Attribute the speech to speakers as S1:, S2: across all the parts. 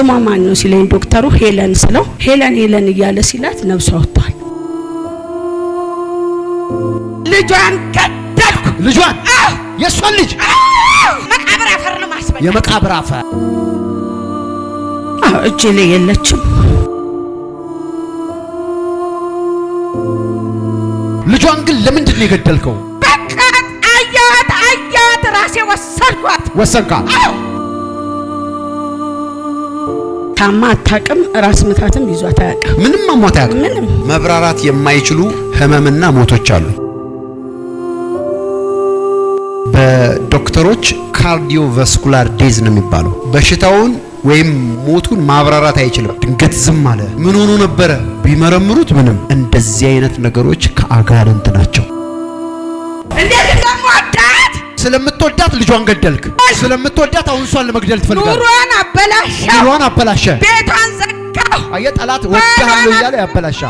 S1: ስሟ ማን ነው ሲለኝ ዶክተሩ ሄለን ስለው ሄለን ሄለን እያለ ሲላት ነብሷ ወጥቷል።
S2: ልጇን ገደልኩ።
S3: ልጇን የእሷን ልጅ
S4: መቃብር አፈር ነው ማስበል።
S3: የመቃብር አፈር
S1: እጄ ላይ የለችም።
S3: ልጇን ግን ለምንድን ነው የገደልከው?
S2: በቃ አያት አያት ራሴ ወሰድኳት
S3: ወሰድኳት
S1: ታማ አታቅም። ራስ ምታትም ይዟት አያውቅም።
S3: ምንም አሟት አያውቅም። ምንም መብራራት የማይችሉ ህመምና ሞቶች አሉ። በዶክተሮች ካርዲዮቫስኩላር ዴዝ ነው የሚባለው። በሽታውን ወይም ሞቱን ማብራራት አይችልም። ድንገት ዝም አለ። ምን ሆኖ ነበረ? ቢመረምሩት ምንም። እንደዚህ አይነት ነገሮች ከአጋንንት ናቸው። ስለምትወዳት ልጇን ገደልክ። ስለምትወዳት አሁን እሷን ለመግደል ትፈልጋለህ።
S2: ኑሮዋን አበላሸ፣
S3: ኑሮዋን አበላሸ፣
S2: ቤቷን ዘጋው።
S3: አየህ ጠላት ወዳለሁ እያለ ያበላሻ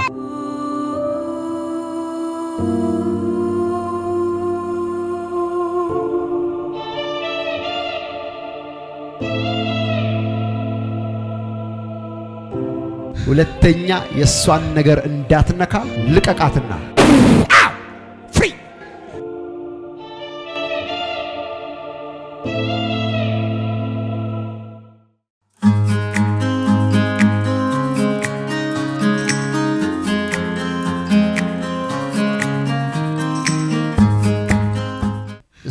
S3: ሁለተኛ የእሷን ነገር እንዳትነካ ልቀቃትና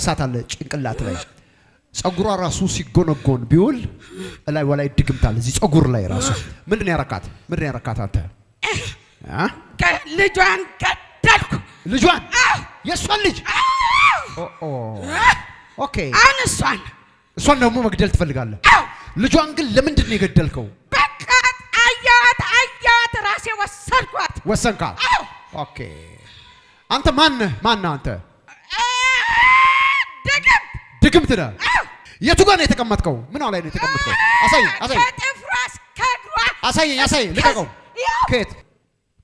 S3: እሳት አለ ጭንቅላት ላይ ጸጉሯ ራሱ ሲጎነጎን ቢውል ላይ ወላይ ድግምታል። እዚህ ጸጉር ላይ ራሱ ምንድን ያረካት? ምንድን ያረካት? አንተ
S2: ልጇን ገደልኩ።
S3: ልጇን የእሷን ልጅ ኦኬ። አሁን እሷን እሷን ደግሞ መግደል ትፈልጋለህ። ልጇን ግን ለምንድን ነው የገደልከው?
S2: በቃ አያት አያት ራሴ ወሰንኳት።
S3: ወሰንካ ኦኬ። አንተ ማን ነህ? ማን አንተ? ድግምት ነህ። የቱ ጋር ነው የተቀመጥከው? ምን ላይ ነው የተቀመጥከው? አሳየኝ፣ አሳየኝ፣ አሳይ አሳየኝ። ልቀቀው። ከየት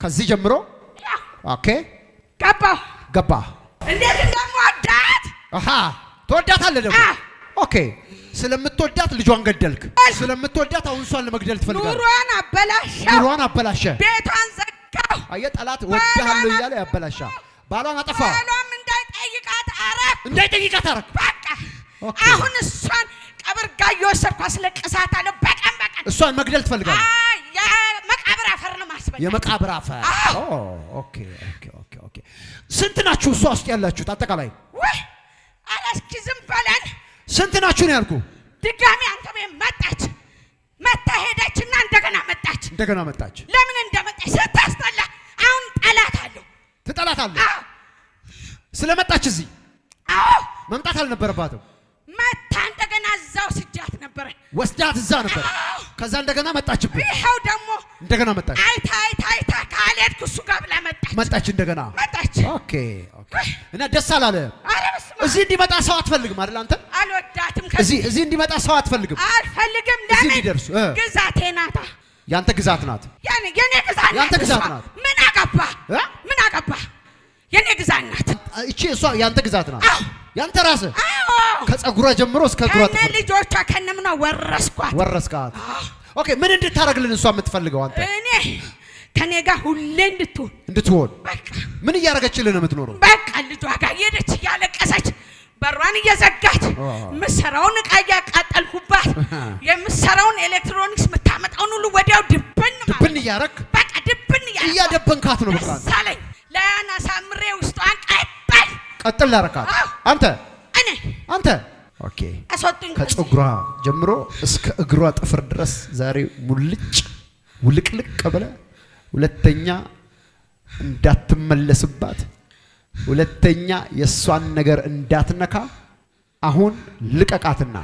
S3: ከዚህ ጀምሮ ኦኬ። ገባ ገባ።
S2: እንዴት እንደምወዳት
S3: አሃ። ትወዳታለህ ደግሞ ኦኬ። ስለምትወዳት ልጇን ገደልክ። ስለምትወዳት አሁን እሷን ለመግደል
S2: ትፈልጋለህ። ኑሯን አበላሸ፣
S3: ኑሯን አበላሸ፣
S2: ቤቷን ዘጋው።
S3: አየህ፣ ጠላት ወዳለሁ እያለ ያበላሻ። ባሏን አጠፋ እንዳይጠይቃት አደረክ።
S2: በቃ አሁን እሷን ቀብር ጋር እየወሰድኩ አስለቅሳታለሁ። በቀን በቀን
S3: እሷን መግደል ትፈልጋለህ?
S2: የመቃብር አፈር ነው
S3: የመቃብር አፈር። ኦኬ ኦኬ ኦኬ። ስንት ናችሁ እሷ ውስጥ ያላችሁት አጠቃላይ?
S2: ወይ አላስኪ ዝም በለን።
S3: ስንት ናችሁ ነው
S2: ድጋሚ አንተ ቤት መጣች መታ ሄደች እና እንደገና መጣች
S3: እንደገና መጣች።
S2: ለምን እንደመጣች ስታስጠላ። አሁን ጠላት አለሁ
S3: ትጠላት አለሁ ስለመጣች እዚህ መምጣት አልነበረባትም።
S2: መታ እንደገና እዛው ስጃት ነበረ
S3: ወስጃት እዛ ነበር። ከዛ እንደገና መጣችብኝ። ይኸው ደግሞ እንደገና መጣች።
S2: አይታ አይታ አይታ ካልሄድኩ እሱ ጋር ብላ መጣች
S3: መጣች እንደገና መጣች። ኦኬ ኦኬ። እና ደስ አላለ። እዚህ እንዲመጣ ሰው አትፈልግም አይደል? አንተ
S2: አልወዳትም።
S3: እዚህ እዚህ እንዲመጣ ሰው አትፈልግም
S2: አልፈልግም። ለምን እንዲደርሱ ግዛቴ ናታ።
S3: ያንተ ግዛት ናት።
S2: ያኔ የኔ ግዛት ናት።
S3: ያንተ ግዛት ናት። ምን አገባ እቺ እሷ ያንተ ግዛት ናት፣ ያንተ ራስ ከጸጉሯ ጀምሮ እስከ እግሯ
S2: ከነ ልጆቿ ከነምኗ ወረስኳት፣
S3: ወረስካት። ኦኬ ምን እንድታረግልን እሷ የምትፈልገው አንተ
S2: እኔ ከኔ ጋር ሁሌ እንድትሆን
S3: እንድትሆን ምን እያደረገችልን ነው የምትኖረው?
S2: በቃ ልጇ ጋር ሄደች እያለቀሰች በሯን እየዘጋች ምሰራውን እቃ እያቃጠልኩባት የምሰራውን ኤሌክትሮኒክስ የምታመጣውን ሁሉ ወዲያው ድብን
S3: ድብን እያደረግ
S2: በቃ ድብን
S3: እያደበንካት ነው
S2: በቃ ሳለኝ ለያን አሳምሬ ውስጥ
S3: ቀጥል ላረካት አንተ አንተ ኦኬ። ከፀጉሯ ጀምሮ እስከ እግሯ ጥፍር ድረስ ዛሬ ሙልጭ ውልቅልቅ ብለ ሁለተኛ እንዳትመለስባት፣ ሁለተኛ የእሷን ነገር እንዳትነካ። አሁን ልቀቃትና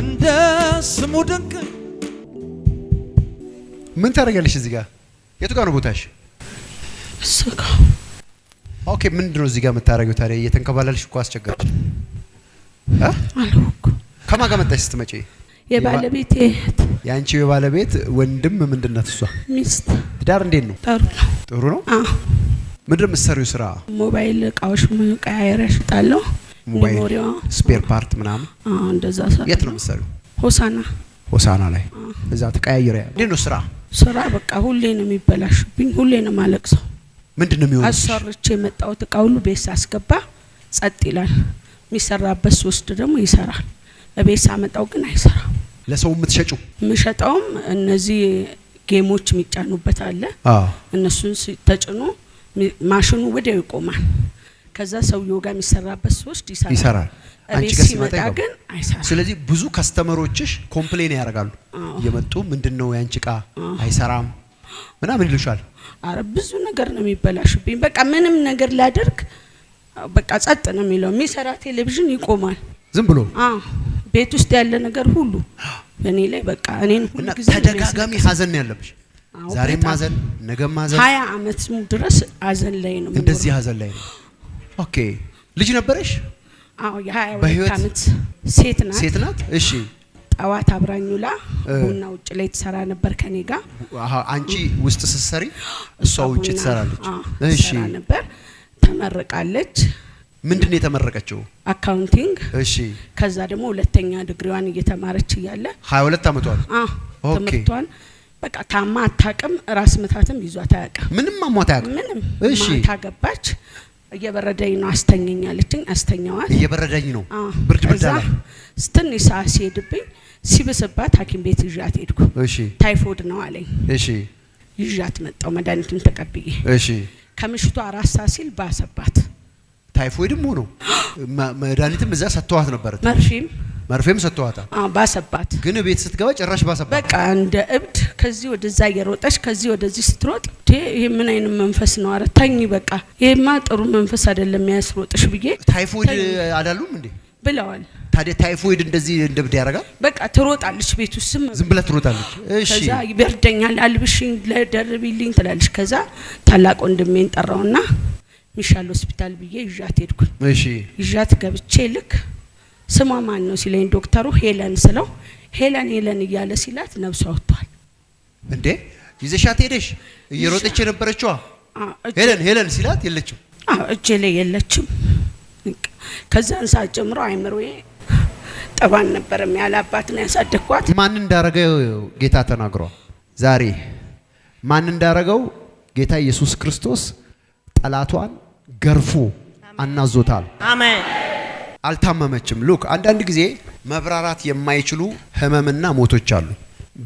S3: እንደ ስሙ ድንቅ ምን ታደርጋለሽ እዚህ ጋር የቱ ጋር ነው ቦታሽ? እሱ ኦኬ። ምንድን ነው እዚህ ጋር የምታደርጊው ታዲያ? እየተንከባለልሽ እኮ አስቸጋሪ። ከማን ጋር መጣሽ ስትመጪ?
S2: የባለቤት እህት።
S3: የአንቺ የባለቤት ወንድም ምንድን ናት እሷ? ሚስት። ትዳር እንዴት ነው? ጥሩ ነው። ጥሩ ነው። ምንድን ነው የምትሰሪው ስራ?
S2: ሞባይል እቃዎች መቀያየሪያ እሸጣለሁ።
S3: ሞባይል ስፔር ፓርት ምናምን እንደዛ። የት ነው የምትሰሪው? ሆሳና ሆሳና ላይ እዛ ተቀያይረ እንዴት ነው ስራ
S2: ስራ በቃ ሁሌ ነው የሚበላሽብኝ፣ ሁሌ ነው ማለቅሰው። ምንድን ነው የሚሆነው? አሰርቼ የመጣሁት እቃ ሁሉ ቤት ሳስገባ ጸጥ ይላል። የሚሰራበት ሶስት ደግሞ ይሰራል። በቤት ሳመጣው ግን አይሰራም።
S3: ለሰው የምትሸጩ
S2: የምሸጠውም እነዚህ ጌሞች የሚጫኑበት አለ። እነሱን ተጭኖ ማሽኑ ወዲያው ይቆማል። ከዛ ሰውዬው ጋር የሚሰራበት ሶስት ይሰራል ይሰራል። አንቺ ጋር ሲመጣ ግን አይሰራም።
S3: ስለዚህ ብዙ ከስተመሮችሽ ኮምፕሌን ያደርጋሉ እየመጡ ምንድን ነው ያንቺ እቃ አይሰራም ምናምን ይሉሻል።
S2: አረ ብዙ ነገር ነው የሚበላሽብኝ። በቃ ምንም ነገር ላደርግ በቃ ጸጥ ነው የሚለው። የሚሰራ ቴሌቪዥን ይቆማል ዝም ብሎ ቤት ውስጥ ያለ ነገር ሁሉ በእኔ ላይ በቃ እኔን
S3: ሁሉ ተደጋጋሚ ሀዘን ነው ያለብሽ። ዛሬም ሀዘን ነገም ሀዘን
S2: ሀያ አመት ድረስ ሀዘን ላይ ነው
S3: እንደዚህ ሀዘን ላይ ነው ኦኬ ልጅ ነበረሽ? አዎ የ22 ዓመት ሴት ናት። ሴት ናት። እሺ
S2: ጠዋት አብራኝ ውላ ቡና ውጭ ላይ ትሰራ ነበር ከኔ ጋር።
S3: አንቺ ውስጥ ስትሰሪ እሷ ውጭ ትሰራለች። እሺ
S2: ነበር ተመርቃለች።
S3: ምንድን ነው የተመረቀችው?
S2: አካውንቲንግ። እሺ ከዛ ደግሞ ሁለተኛ ድግሪዋን እየተማረች እያለ
S3: 22 ዓመቷ ነው። ትምህርቷን
S2: በቃ ታማ አታውቅም። ራስ ምታትም ይዟት አያውቅም።
S3: ምንም አሟት አያውቅም። ምንም ማታ
S2: ገባች እየበረደኝ ነው አስተኛኛለችኝ። አስተኛዋል።
S3: እየበረደኝ ነው ብርድ ብርድ አለ።
S2: ትንሽ ሰዓት ሲሄድብኝ ሲብስባት ሐኪም ቤት ይዣት ሄድኩ። እሺ ታይፎድ ነው አለኝ። እሺ ይዣት መጣው መድኃኒቱን ተቀብዬ። እሺ ከምሽቱ አራት ሰዓት ሲል ባሰባት።
S3: ታይፎይድም ሆኖ መድኃኒትም እዛ ሰጥተዋት ነበር መርፊም መርፌም ሰጥተዋታል። ባሰባት። ግን ቤት ስትገባ ጭራሽ ባሰባት።
S2: በቃ እንደ እብድ ከዚህ ወደዛ እየሮጠች ከዚህ ወደዚህ ስትሮጥ፣ ይሄ ምን አይነት መንፈስ ነው? ኧረ ተኝ በቃ ይሄማ ጥሩ መንፈስ አይደለም ያስሮጥሽ ብዬ
S3: ታይፎይድ አላሉም እንዴ ብለዋል። ታዲያ ታይፎይድ እንደዚህ እንደ እብድ ያደርጋል።
S2: በቃ ትሮጣለች፣ ቤት ውስጥ ዝም
S3: ብላ ትሮጣለች። እሺ ከዛ
S2: ይበርደኛል፣ አልብሽኝ፣ ለደርቢልኝ ትላለች። ከዛ ታላቅ ወንድሜን ጠራውና ሚሻል ሆስፒታል ብዬ ይዣት ሄድኩኝ። እሺ ይዣት ገብቼ ልክ ስሟ ማን ነው ሲለኝ ዶክተሩ ሄለን ስለው ሄለን ሄለን እያለ ሲላት ነብሷ ወጥቷል።
S3: እንዴ ይዘሻት ሄደሽ እየሮጠች የነበረችዋ ሄለን ሄለን ሲላት የለችም፣
S2: እጄ ላይ የለችም። ከዛን ሰዓት ጀምሮ አይምሮዬ ጠባን ነበረም። ያለ አባት ነው ያሳደግኳት።
S3: ማን እንዳረገው ጌታ ተናግሯል። ዛሬ ማን እንዳረገው ጌታ ኢየሱስ ክርስቶስ ጠላቷን ገርፎ አናዞታል። አሜን። አልታመመችም። ሉክ አንዳንድ ጊዜ መብራራት የማይችሉ ህመምና ሞቶች አሉ።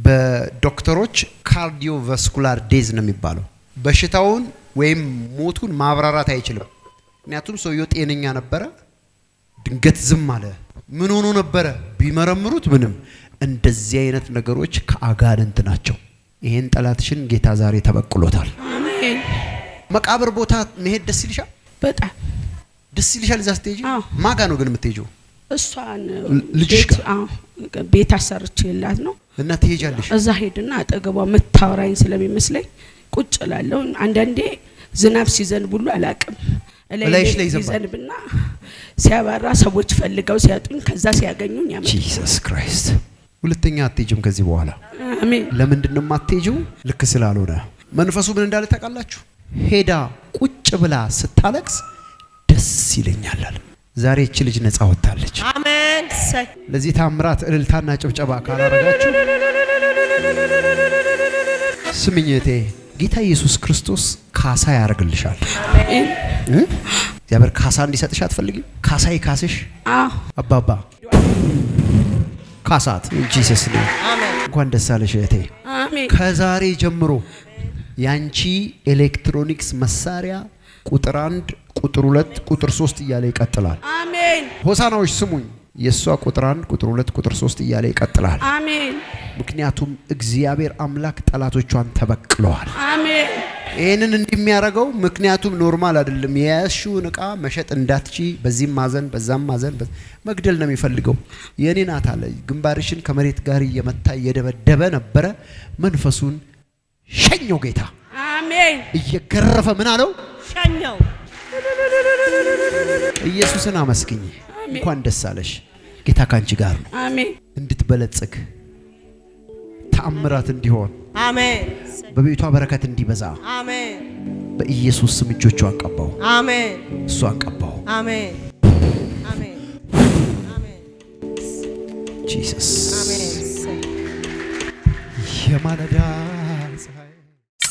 S3: በዶክተሮች ካርዲዮቫስኩላር ዴዝ ነው የሚባለው። በሽታውን ወይም ሞቱን ማብራራት አይችልም። ምክንያቱም ሰውየው ጤነኛ ነበረ፣ ድንገት ዝም አለ። ምን ሆኖ ነበረ? ቢመረምሩት ምንም። እንደዚህ አይነት ነገሮች ከአጋንንት ናቸው። ይሄን ጠላትሽን ጌታ ዛሬ ተበቅሎታል። መቃብር ቦታ መሄድ ደስ ይልሻል በጣም ደስ ይልሻል እዛ ስትሄጂ? ማጋ ነው ግን የምትሄጂው? እሷን ልጅሽ
S2: ቤት አሰርቼ የላት ነው
S3: እና ትሄጃለሽ።
S2: እዛ ሄድና አጠገቧ መታወራኝ ስለሚመስለኝ ቁጭ እላለሁ። አንዳንዴ ዝናብ ሲዘንብ ሁሉ አላቅም እላይሽ ላይ ይዘንብና ሲያባራ ሰዎች ፈልገው ሲያጡኝ ከዛ ሲያገኙኝ ያመ
S3: ጂሰስ ክራይስት ሁለተኛ አትሄጂም ከዚህ በኋላ አሜን። ለምንድን ነው የማትሄጂው? ልክ ስላልሆነ መንፈሱ ምን እንዳለ ታውቃላችሁ? ሄዳ ቁጭ ብላ ስታለቅስ ደስ ይለኛል አለ። ዛሬ እቺ ልጅ ነፃ ወጣለች። አሜን። ለዚህ ታምራት እልልታና ጭብጨባ ካላረጋችሁ ስምኝቴ ጌታ ኢየሱስ ክርስቶስ ካሳ ያደርግልሻል። እግዚአብሔር ካሳ እንዲሰጥሽ አትፈልጊም? ካሳ ይካስሽ። አባባ ካሳት ጂሰስ ነው። እንኳን ደስ አለሽ እህቴ። ከዛሬ ጀምሮ ያንቺ ኤሌክትሮኒክስ መሳሪያ ቁጥር አንድ ቁጥር ሁለት ቁጥር ሶስት እያለ ይቀጥላል። አሜን። ሆሳናዎች ስሙኝ፣ የእሷ ቁጥር አንድ ቁጥር ሁለት ቁጥር ሶስት እያለ ይቀጥላል። አሜን። ምክንያቱም እግዚአብሔር አምላክ ጠላቶቿን ተበቅለዋል። አሜን። ይህንን እንደሚያደርገው ምክንያቱም ኖርማል አይደለም። የያዝሽውን እቃ መሸጥ እንዳትቺ በዚህም ማዘን በዛም ማዘን መግደል ነው የሚፈልገው። የኔ ናት አለ። ግንባርሽን ከመሬት ጋር እየመታ እየደበደበ ነበረ። መንፈሱን ሸኘው ጌታ። አሜን። እየገረፈ ምን አለው? ሸኘው ኢየሱስን አመስግኝ። እንኳን ደስ አለሽ። ጌታ ካንቺ ጋር ነው። አሜን። እንድትበለጽግ ተአምራት እንዲሆን አሜን። በቤቷ በረከት እንዲበዛ አሜን። በኢየሱስ ስም እጆቿን ቀባው። አሜን። እሷን ቀባው።
S4: አሜን። አሜን።
S3: አሜን። ጂሰስ የማለዳ